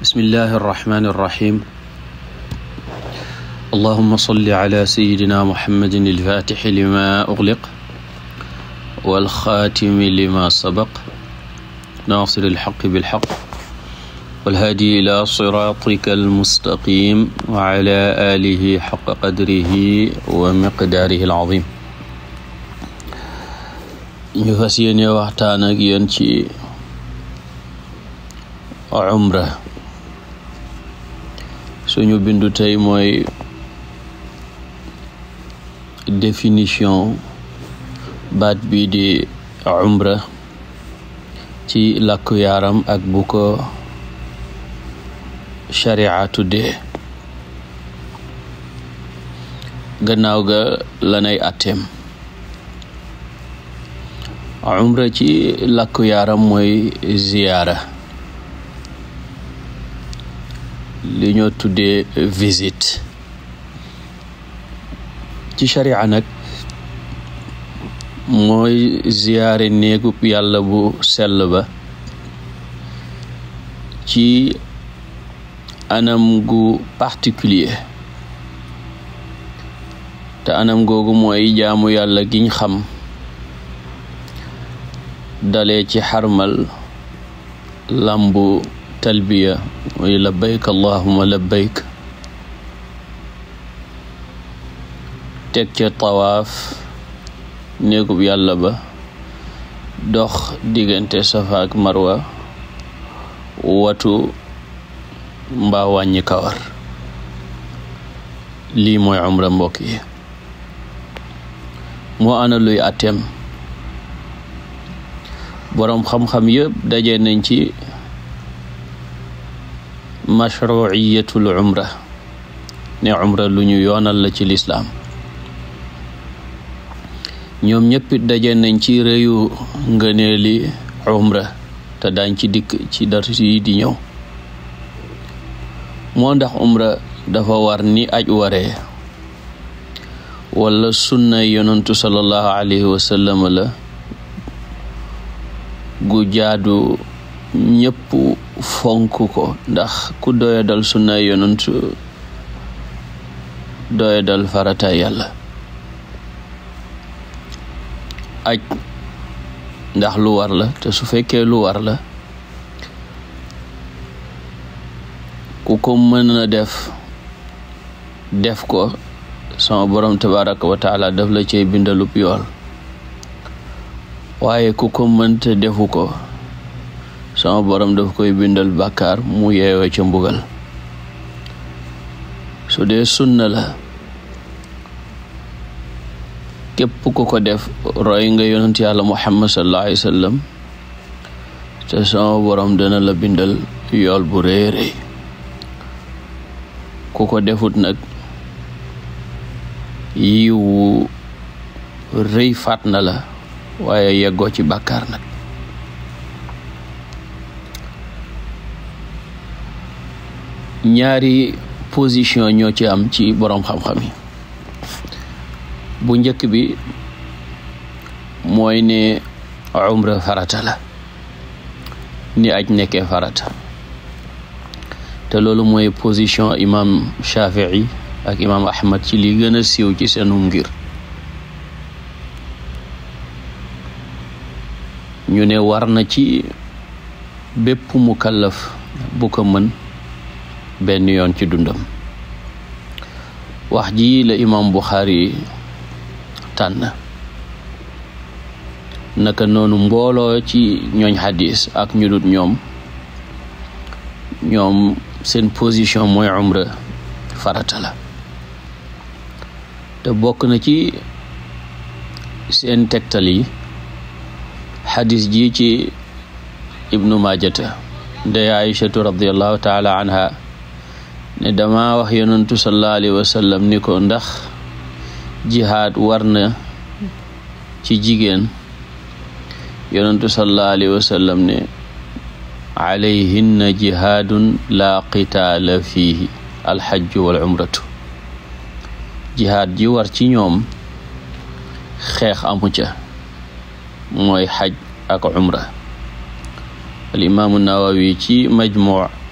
bismillahi arrahmani irrahim allahuma salli ala sayidina muhammadin ilfatixi lima uxliq walxaatimi lima sabaq naasir ilxaqi bilxaq walhaadi ila siraatika almustaqim wa ala aalihi xaqa qadrihi wa miqdaarihi alazim ñu fas yéene waxtaan ak yéen ci umra suñu bindu tey mooy définition baat bi di umra ci làkku yaaram ak bu ko sharia tuddee gannaaw ga lanay atteem umra ci làkku yaaram mooy ziyaara li ñoo tuddee visit ci sharia nag mooy ziyaare néegub yàlla bu sell ba ci anam gu particulier te anam googu mooy jaamu yàlla giñ xam dale ci xarmal lambu talbiya muy labbayk allahuma labbayk teg ca tawaaf néegub yàlla ba dox diggante safa ak marwa watu mbaa wàññi kawar lii mooy umra mbokk yi moo ana luy atteem boroom xam-xam yëpp daje nañ ci mashruiyatul umra ne umra lu ñu yoonal la ci lislaam ñoom ñëpp daje nañ ci réyu ngëneeli umra te daañ ci dikk ci dar yi di ñëw moo ndax umra dafa war ni aj waree wala sunna yonantu sallallahu alayhi wa sallam la gu jaadu ñëpp fonk ko ndax ku doyadal sunna yonent doyadal farata yàlla aj ndax lu war la te su fekkee lu war la ku ko mën a def def ko sama borom tabaraka wa daf la cey bindalub yool waaye ku ko mënta defu ko sama borom daf koy bindal bàkkaar mu yeewee ca mbugal su dee sunna la képp ku ko def roy nga yonent yàlla muhammad sallallahu alayhi wa sallam te sama borom dana la bindal yool bu réeré ku ko defut nag yiwu rëy faat na la waaye yeggoo ci bàkkaar nag ñaari position ñoo ci am ci boroom xam-xam yi bu njëkk bi mooy ne umra farata la ni aj nekkee farata te loolu mooy position imam Shafii ak imam Ahmad ci li gën a siiw ci seenum ngir ñu ne war na ci bépp kallaf bu ko mën benn yoon ci dundam wax ji la imam Buxaari tànn naka noonu mbooloo ci ñooñ xadis ak ñu dut ñoom ñoom seen position mooy umra farata la te bokk na ci seen tegtal yi xadis ji ci ibnu majata de aïchatu radiallahu taala anha ne dama wax yonantu sallallahu alayhi ni ko ndax jihaad war ci jigéen yonantu sallallahu alayhi wa sallam ne alayhinna jihaadun laa qitaala fiihi alxajju wal umratu jihaad ji war ci ñoom xeex amu ca mooy xaj ak umra al imaamu nawawi ci majmuuc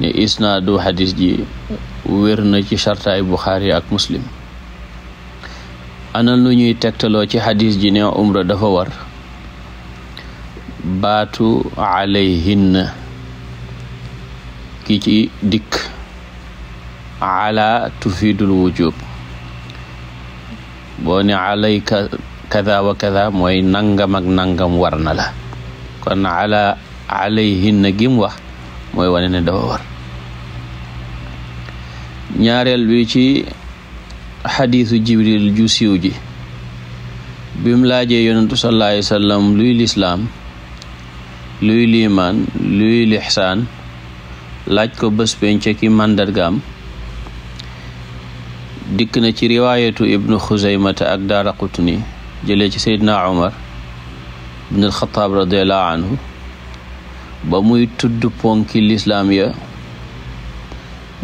ne isnaadu xadis ji wér na ci shartaay buxaari ak muslim ana lu ñuy tegtaloo ci xadis ji ne umra dafa war baatu alayhinna ki ci dikk ala tufidul wujub boo ne kada wa kada mooy nangam nangam war na la kon ala alayhinna gim wax mooy wane ne dafa ñaareel bi ci xadiisu jibril ju siiw ji bi mu laajee yonentu sallallahu alayhi wa luy lislaam luy liimaan luy lixsaan laaj ko bés penc ki dikk na ci riwaayatu ibnu xuzaymata ak daaraqutni jëlee ci seydna umar ibn alxataab radiallahu anhu ba muy tudd ponki lislaam ya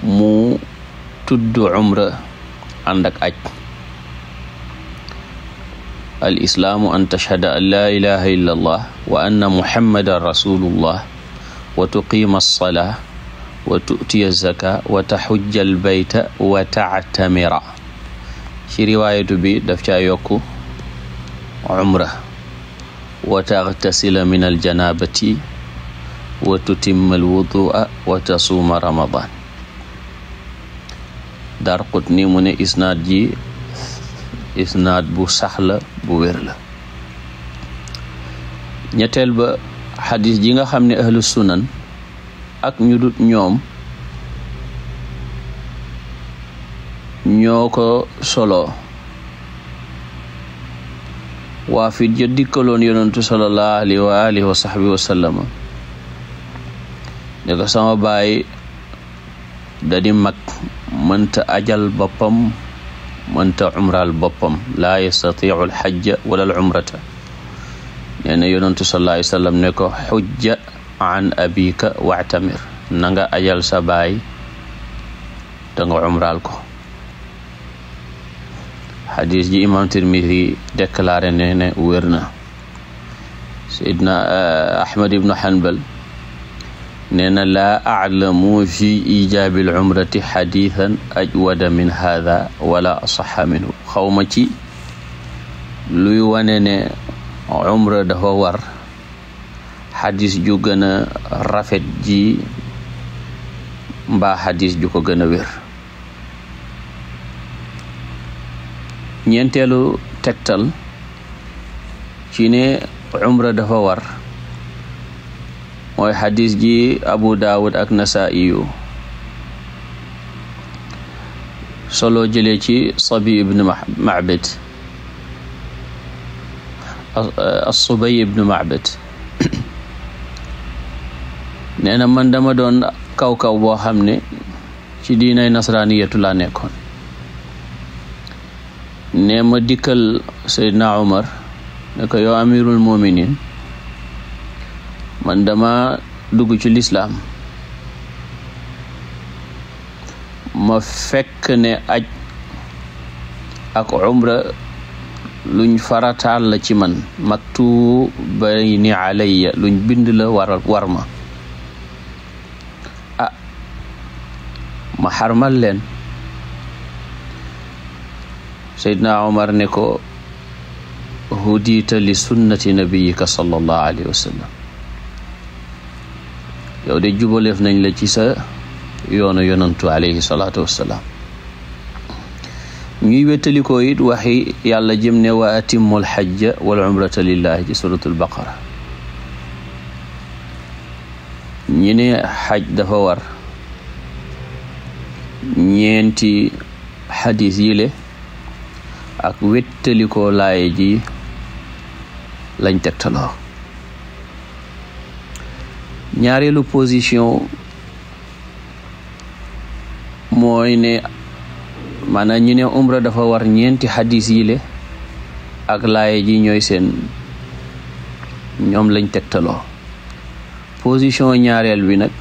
mu tudd umra ànd ak aj al islaamu an tashhada an laa ilaha illa allah wa anna muhammadan rasulullah wa tuqiima alsalaa wa tu'tiya zaka wa taxujja albayta wa tactamira ci riwaayatu bi daf caa yokk umra wa taxtasila min aljanabati wa tutimma alwudua wa tasuuma ramadan dar xut ni mu ne isnaad ji isnaad bu sax la bu wér la ñetteel ba xadis ji nga xam ne ahlu sunan ak ñu dut ñoom ñoo ko soloo waa fit ja dikkaloon yonentu sallallahu alayhi wa alihi wa sahbi ne ko sama baay dadi mag mënta ajal boppam mënta umraal boppam laa yastatiu alxajja wala al umrata nee na yonentu sallallahu alayhi wasallam ne ko xujja an abika wa'tamir na nga ajal sa baay te nga umraal ko xadis ji imam tirmidi déclaré ne ne wér na sayidna eh, ahmad ibnu hanbal nee na laa aclamu fi ijaabil umrati xadiisan ajwada min haada wala saxa minhu xawma ci luy wane ne umra dafa war xadis ju gën rafet ji mbaa xadis ju ko gën a wér ñeenteelu tegtal ci ne dafa war mooy xadis ji abu daawud ak nasaa'i yu solo jëlee ci sabi ibnu macbad asubay ibnu macbad nee na man dama doon kaw-kaw boo xam ne ci diinay nasraaniyatu la nekkoon nee ma dikkal seydna umar ne ko yow man dama dugg ci lislaam ma fekk ne aj ak umra luñ farataal la ci man maktu bayni luñ bind la war war ma ah ma xarmal leen Seydina Omar ne ko hudiita li sunnati nabiyika sallallahu alayhi wa yow de jubaleef nañ la ci sa yoonu yonantu alayhi salaatu wassalaam ñuy wettalikoo it waxi yàlla jëm ne wa atimul xajja wal umrata lillahi ci ne xaj dafa war ñeenti xadis yi ak wettalikoo laaye ji lañ tegtaloo ñaareelu position mooy ne maanaam ñu ne umra dafa war ñeenti xadis yi le ak laaye ji ñooy seen ñoom lañ tegtaloo position ñaareel bi nag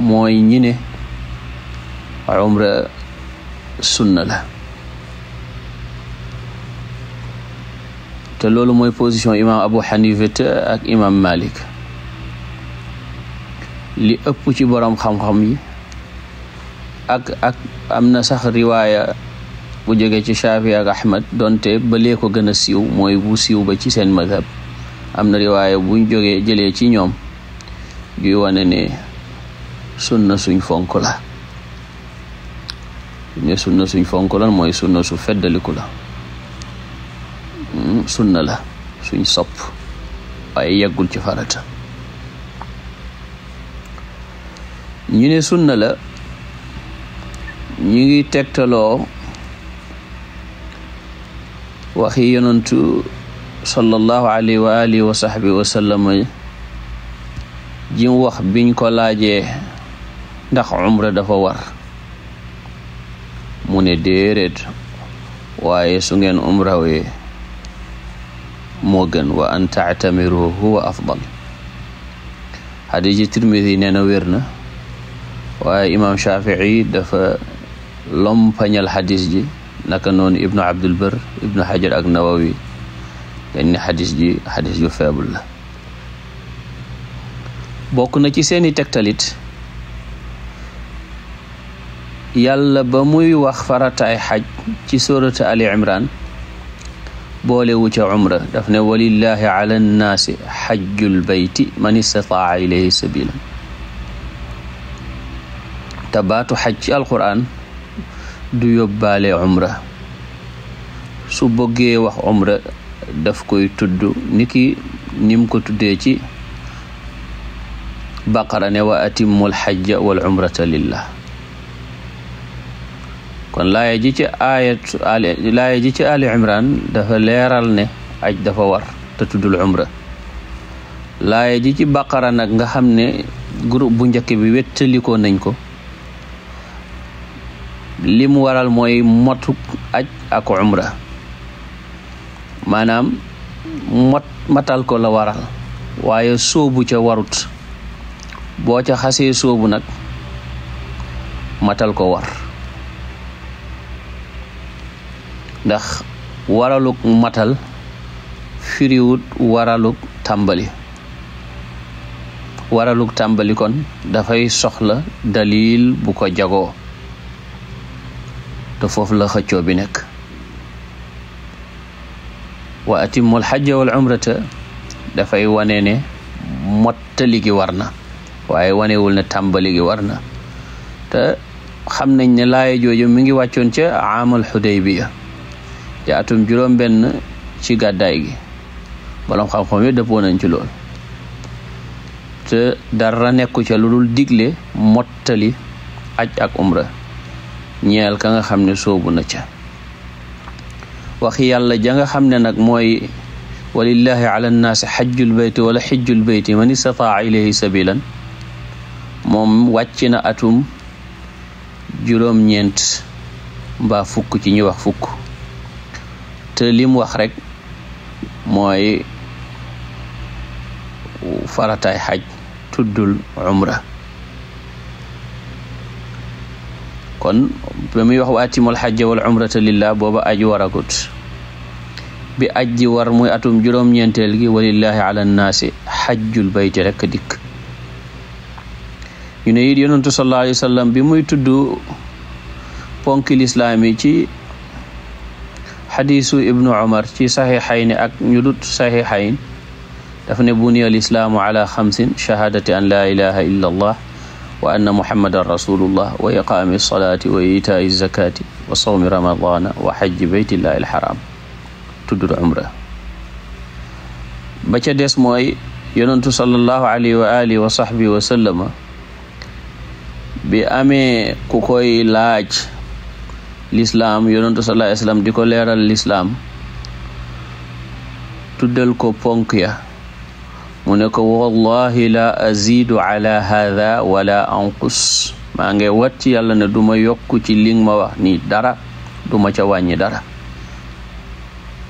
mooy ñi ne umra sunna la te loolu mooy position imam Abu Hanifa ak imam Malik li ëpp ci boroom xam-xam yi ak ak am na sax riwaaya bu jóge ci Shaafi ak Ahmad donte ba lee ko gën a siiw mooy bu siiw ba ci seen madhab am na riwaaya buñ jógee jëlee ci ñoom juy wane ne sunna suñ fonk la ne sunna suñ fonk la mooy sunna su feddaliku la hmm, sunna la suñ sopp waaye yeggul ci farata ñu ne sunna la ñu ngi tegtaloo waxi yonantu sallallahu alayhi wa alihi wa jim wax biñ ko laajee ndax umra dafa war mu ne déeréet waaye su ngeen umrawee moo gën wa an taatamiru huwa afdal xadis ji tirmidi nee na wér na waaye imaam Shafii dafa lompañal xadis ji naka noonu ibnu abdul bar ibnu ak nawawi dañ ne xadis ji xadis la bokk na ci seeni tektalit yàlla ba muy wax farataay xaj ci surata ali imran boolewu ca umra daf ne walillahi ala nnaasi xajjul bayti man istataa ilayhi sabilan te baatu xaj ci alquran du yóbbaale umra su bëggee wax umra daf koy tudd niki nim ko tuddee ci baqara ne wa atimmul xajja wal umrata lillah kon laaya ji ci aayatu ali ci ali imran dafa leeral ne aj dafa war te tuddul umra laaya ji ci baqara nag nga xam ne groupe bu njëkk bi wettalikoo nañ ko li mu waral mooy motuk aj ak umra maanaam mot matal ko la waral waaye soobu ca warut boo ca xasee soobu nag matal ko war ndax waraluk matal firiwut waraluk tàmbali waraluk tàmbali kon dafay soxla dalil bu ko jagoo te foofu la xëccoo bi nekk waati atimmu alxajja umrata dafay wane ne mottali gi war na waaye wanewul ne tàmbali gi war na te xam nañ ne laaya jooju mi ngi wàccoon ca amal xudaybiya te atum juróom benn ci gàddaay gi boroom xam-xam yi dëppoo nañ ci lool te dara nekku ca lu dul digle mottali aj ak umra ñeel ka nga xam ne soobu na ca wax yàlla ja nga xam ne nag mooy walillahi ala nnaasi xajjul bayti wala xijjul bayti man istataa ilayhi sabilan moom wàcc na atum juróom-ñeent mbaa fukk ci ñuy wax fukk te lim wax rek mooy farataay xaj tuddul umra kon ba muy wax wa atimul xajja lillah booba aj waragut bi aj muy atum juróom-ñeenteel gi walillahi ala nnaasi xajjul bayti bi muy tudd ponk lislaam ci xadiisu ibnu omar ci saxiixayn ak ñu dut saxiixayn daf ne buniya lislaamu ala xamsin shahaadati an laa ilaha illa allah wa anna muhammadan rasulullah wa iqaami salaati wa itaai zakati wa sawmi ramadana wa xajji beytillahi alxaram tudd umra ba ca des mooy yonentu sallallahu alayhi wa alihi wa sahbi wa sallama bi amee ku koy laaj lislaam yonentu sallallahu alayhi wa sallam di ko leeral lislaam tuddal ko ponk ya mu ne ko wallahi la azidu ala hada wala anqus maa ngi wat ci yàlla ne duma yokk ci li ma wax ni dara duma ca wàññi dara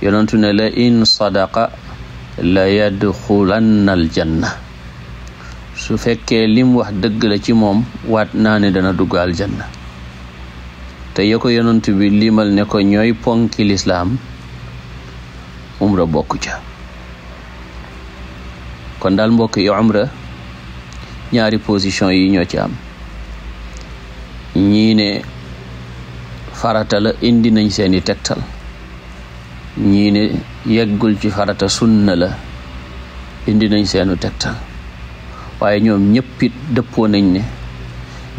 yonentu ne la in sadaqa la yadxulanna al janna su fekkee lim wax dëgg la ci moom wat naa ne dana dugg aljanna te ya ko yonent bi limal ne ko ñooy ponki lislaam umra bokk ca kon daal mbokk yi umra ñaari position yi ñoo ci am ñii ne farata la indi nañ seeni tegtal ñii ne yeggul ci farata sunna la indi nañ seenu tegtal waaye ñoom ñëppit dëppoo nañ ne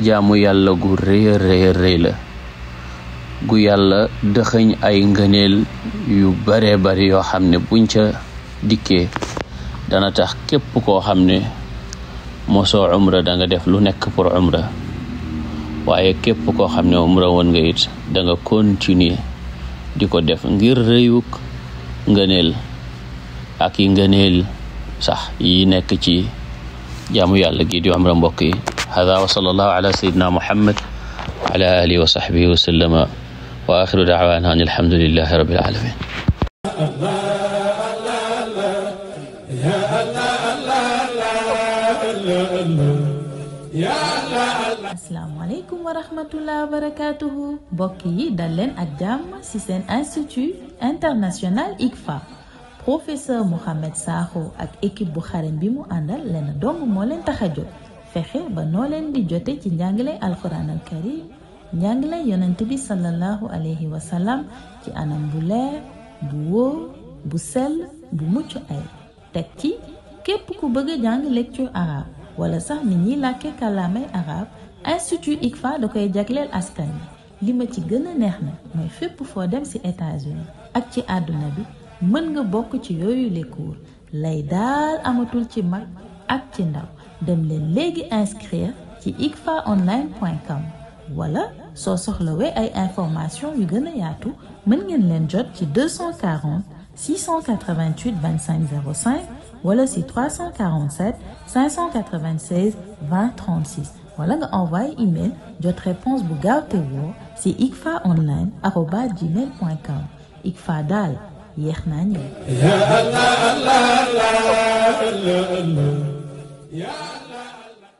jaamu yàlla gu rëy rëy rëy la gu yàlla dëxëñ ay ngëneel yu bare bari yoo xam ne buñ ca dikkee dana tax képp koo xam ne mosoo umra da danga def lu nekk pour umra waaye képp koo xam ne umra woon danga it da nga di ko def ngir rëyuk ngëneel ak yi ngëneel sax yi nekk ci jaamu yàlla gi di umra mbokk yi hada wa sallallahu ala sayyidina muhammad wa ala wa sahbihi wa sallama wa axiru daawaana an wa rahmatullah wa mbokk yi dal leen ak jàmm ci seen institut international ICFA professeur Mouhamed Sakho ak équipe bu xarañ bi mu àndal leen dong moo leen tax a jóg fexe ba noo leen di jote ci njàngale alquran al karim njàngale yonent bi sallallahu alayhi wa sallam ci anam bu leer bu wóor bu sell bu mucc ay teg ci képp ku bëgg a jàng lecture arabe wala sax ni ñiy làkke kàllaamay arabe institut ICFA da koy jagleel askan wi ma ci gën a neex na mooy fépp foo dem ci états ak ci àdduna bi mën nga bokk ci yooyu les cours lay daal amatul ci mag ak ci ndaw dem leen léegi inscrire ci icfaonline.com wala soo soxlawee ay information yu gën a yaatu mën ngeen leen jot ci 240 688 25 05 wala si 347 596 20 36 wala nga envoyé email jot réponse bu gaaw te woo si ikfa online arobas gmail point com ikfa daal yéex naa ñëw.